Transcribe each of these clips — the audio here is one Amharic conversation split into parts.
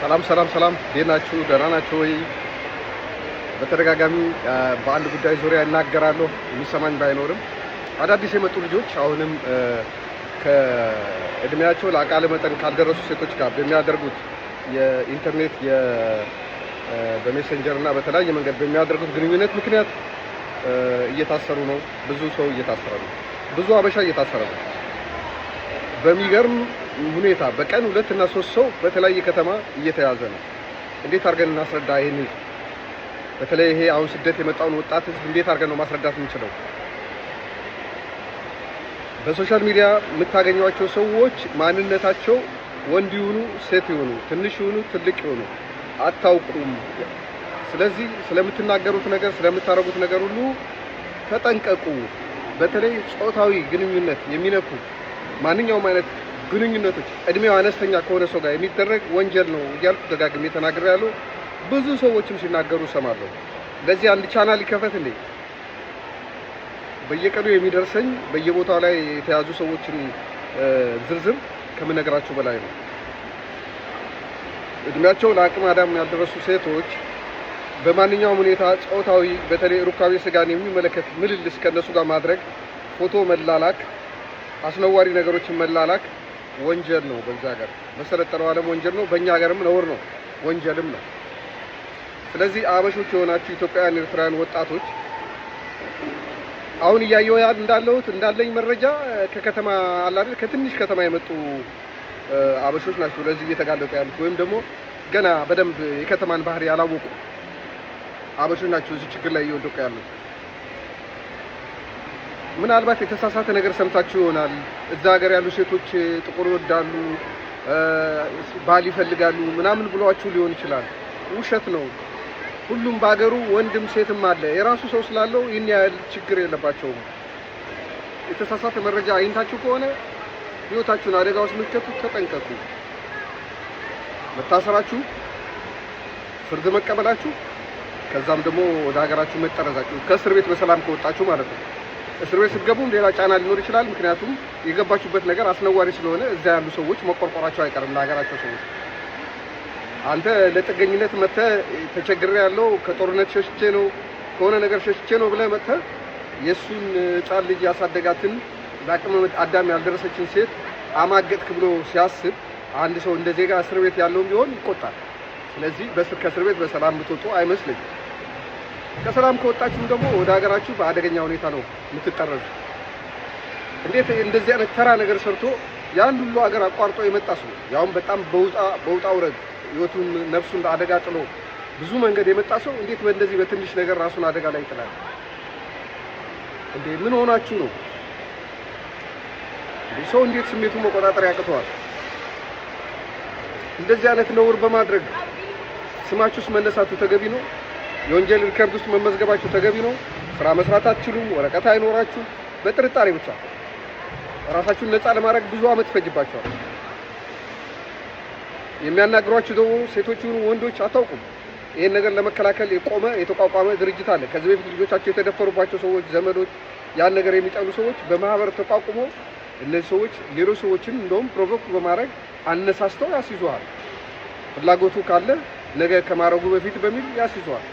ሰላም ሰላም ሰላም፣ እንዴት ናችሁ? ደህና ናችሁ ወይ? በተደጋጋሚ በአንድ ጉዳይ ዙሪያ እናገራለሁ የሚሰማኝ ባይኖርም አዳዲስ የመጡ ልጆች አሁንም ከእድሜያቸው ለአቃለ መጠን ካልደረሱ ሴቶች ጋር በሚያደርጉት የኢንተርኔት በሜሴንጀር እና በተለያየ መንገድ በሚያደርጉት ግንኙነት ምክንያት እየታሰሩ ነው። ብዙ ሰው እየታሰረ ነው። ብዙ አበሻ እየታሰረ ነው። በሚገርም ሁኔታ በቀን ሁለት እና ሶስት ሰው በተለያየ ከተማ እየተያዘ ነው። እንዴት አድርገን እናስረዳ ይህን ህዝብ? በተለይ ይሄ አሁን ስደት የመጣውን ወጣት ህዝብ እንዴት አድርገን ነው ማስረዳት የምንችለው? በሶሻል ሚዲያ የምታገኟቸው ሰዎች ማንነታቸው ወንድ ይሁኑ ሴት ይሁኑ ትንሽ ይሁኑ ትልቅ ይሁኑ አታውቁም። ስለዚህ ስለምትናገሩት ነገር ስለምታደርጉት ነገር ሁሉ ተጠንቀቁ። በተለይ ጾታዊ ግንኙነት የሚነኩ ማንኛውም አይነት ግንኙነቶች እድሜው አነስተኛ ከሆነ ሰው ጋር የሚደረግ ወንጀል ነው እያልኩ ደጋግሜ ተናግሬ ያለው ብዙ ሰዎችም ሲናገሩ እሰማለሁ። ለዚህ አንድ ቻናል ይከፈት እንዴ? በየቀኑ የሚደርሰኝ በየቦታው ላይ የተያዙ ሰዎችን ዝርዝር ከምነግራችሁ በላይ ነው። እድሜያቸው ለአቅመ አዳም ያልደረሱ ሴቶች በማንኛውም ሁኔታ ጾታዊ፣ በተለይ ሩካቤ ስጋን የሚመለከት ምልልስ ከእነሱ ጋር ማድረግ፣ ፎቶ መላላክ፣ አስነዋሪ ነገሮችን መላላክ ወንጀል ነው። በዛ ሀገር በሰለጠነው ዓለም ወንጀል ነው። በእኛ ሀገርም ነውር ነው፣ ወንጀልም ነው። ስለዚህ አበሾች የሆናችሁ ኢትዮጵያውያን፣ ኤርትራውያን ወጣቶች አሁን እያየሁ ያህል እንዳለሁት እንዳለኝ መረጃ ከከተማ አላለ ከትንሽ ከተማ የመጡ አበሾች ናቸው ለዚህ እየተጋለጡ ያሉት ወይም ደግሞ ገና በደንብ የከተማን ባህሪ ያላወቁ አበሾች ናቸው እዚህ ችግር ላይ እየወደቁ ያሉት። ምናልባት የተሳሳተ ነገር ሰምታችሁ ይሆናል። እዛ ሀገር ያሉ ሴቶች ጥቁር ይወዳሉ፣ ባል ይፈልጋሉ ምናምን ብሏችሁ ሊሆን ይችላል። ውሸት ነው። ሁሉም በሀገሩ ወንድም ሴትም አለ። የራሱ ሰው ስላለው ይህን ያህል ችግር የለባቸውም። የተሳሳተ መረጃ አግኝታችሁ ከሆነ ህይወታችሁን አደጋ ውስጥ የምትከቱት ተጠንቀቁ። መታሰራችሁ፣ ፍርድ መቀበላችሁ፣ ከዛም ደግሞ ወደ ሀገራችሁ መጠረዛችሁ ከእስር ቤት በሰላም ከወጣችሁ ማለት ነው። እስር ቤት ስትገቡም ሌላ ጫና ሊኖር ይችላል። ምክንያቱም የገባችሁበት ነገር አስነዋሪ ስለሆነ እዛ ያሉ ሰዎች መቆርቆራቸው አይቀርም ለሀገራቸው ሰዎች አንተ ለጥገኝነት መተ ተቸግሬ ያለው ከጦርነት ሸሽቼ ነው ከሆነ ነገር ሸሽቼ ነው ብለህ መተ የእሱን ሕፃን ልጅ ያሳደጋትን በአቅመ አዳም ያልደረሰችን ሴት አማገጥክ ብሎ ሲያስብ አንድ ሰው እንደ ዜጋ እስር ቤት ያለውም ቢሆን ይቆጣል። ስለዚህ ከእስር ቤት በሰላም ብትወጡ አይመስለኝም። ከሰላም ከወጣችሁም ደግሞ ወደ ሀገራችሁ በአደገኛ ሁኔታ ነው የምትጠረዙ። እንዴት እንደዚህ አይነት ተራ ነገር ሰርቶ ያን ሁሉ ሀገር አቋርጦ የመጣ ሰው ያውም በጣም በውጣ ውረድ ህይወቱን ነፍሱን አደጋ ጥሎ ብዙ መንገድ የመጣ ሰው እንዴት በእንደዚህ በትንሽ ነገር ራሱን አደጋ ላይ ይጥላል እንዴ? ምን ሆናችሁ ነው? ሰው እንዴት ስሜቱን መቆጣጠር ያቅተዋል? እንደዚህ አይነት ነውር በማድረግ ስማችሁስ መነሳቱ ተገቢ ነው? የወንጀል ሪከርድ ውስጥ መመዝገባችሁ ተገቢ ነው። ስራ መስራት አትችሉም። ወረቀት አይኖራችሁ። በጥርጣሬ ብቻ ራሳችሁን ነፃ ለማድረግ ብዙ አመት ይፈጅባችኋል። የሚያናግሯችሁ ደግሞ ሴቶችን፣ ወንዶች አታውቁም። ይህን ነገር ለመከላከል የቆመ የተቋቋመ ድርጅት አለ። ከዚህ በፊት ልጆቻቸው የተደፈሩባቸው ሰዎች፣ ዘመዶች፣ ያን ነገር የሚጠሉ ሰዎች በማህበር ተቋቁሞ እነዚህ ሰዎች ሌሎች ሰዎችን እንደውም ፕሮቮክ በማድረግ አነሳስተው ያስይዘዋል። ፍላጎቱ ካለ ነገ ከማድረጉ በፊት በሚል ያስይዘዋል።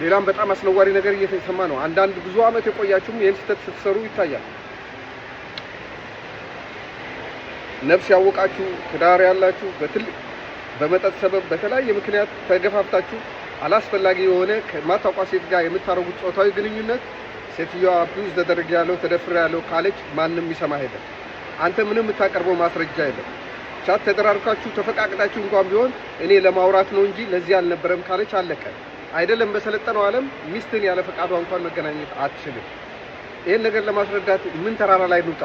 ሌላም በጣም አስነዋሪ ነገር እየተሰማ ነው። አንዳንድ ብዙ ዓመት የቆያችሁም ይህን ስህተት ስትሰሩ ይታያል። ነፍስ ያወቃችሁ ትዳር ያላችሁ በትልቅ በመጠጥ ሰበብ በተለያየ ምክንያት ተገፋፍታችሁ አላስፈላጊ የሆነ ከማታውቋ ሴት ጋር የምታደርጉት ጾታዊ ግንኙነት ሴትዮዋ አቢውዝ ተደረገ ያለው ተደፍረ ያለው ካለች ማንም ይሰማ ሄደ። አንተ ምንም የምታቀርበው ማስረጃ የለም። ቻት ተደራርካችሁ ተፈቃቅጣችሁ እንኳን ቢሆን እኔ ለማውራት ነው እንጂ ለዚህ አልነበረም ካለች አለቀ። አይደለም በሰለጠነው ዓለም ሚስትን ያለ ፈቃዷ እንኳን መገናኘት አትችልም። ይህን ነገር ለማስረዳት ምን ተራራ ላይ እንውጣ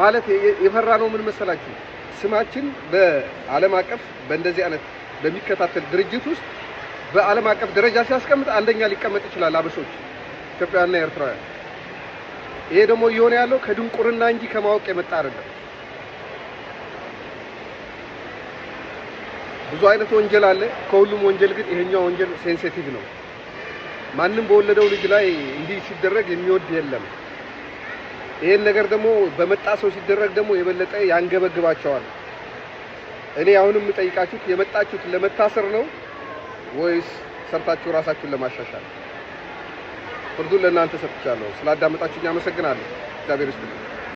ማለት የፈራ ነው። ምን መሰላችሁ? ስማችን በዓለም አቀፍ በእንደዚህ አይነት በሚከታተል ድርጅት ውስጥ በዓለም አቀፍ ደረጃ ሲያስቀምጥ አንደኛ ሊቀመጥ ይችላል። አበሾች ኢትዮጵያውያንና ኤርትራውያን። ይሄ ደግሞ እየሆነ ያለው ከድንቁርና እንጂ ከማወቅ የመጣ አይደለም። ብዙ አይነት ወንጀል አለ። ከሁሉም ወንጀል ግን ይሄኛው ወንጀል ሴንሲቲቭ ነው። ማንም በወለደው ልጅ ላይ እንዲህ ሲደረግ የሚወድ የለም። ይሄን ነገር ደግሞ በመጣ ሰው ሲደረግ ደግሞ የበለጠ ያንገበግባቸዋል። እኔ አሁንም የምጠይቃችሁት የመጣችሁት ለመታሰር ነው ወይስ ሰርታችሁ ራሳችሁን ለማሻሻል? ፍርዱን ለእናንተ ሰጥቻለሁ። ስላዳመጣችሁኝ አመሰግናለሁ። እግዚአብሔር ይስጥልኝ።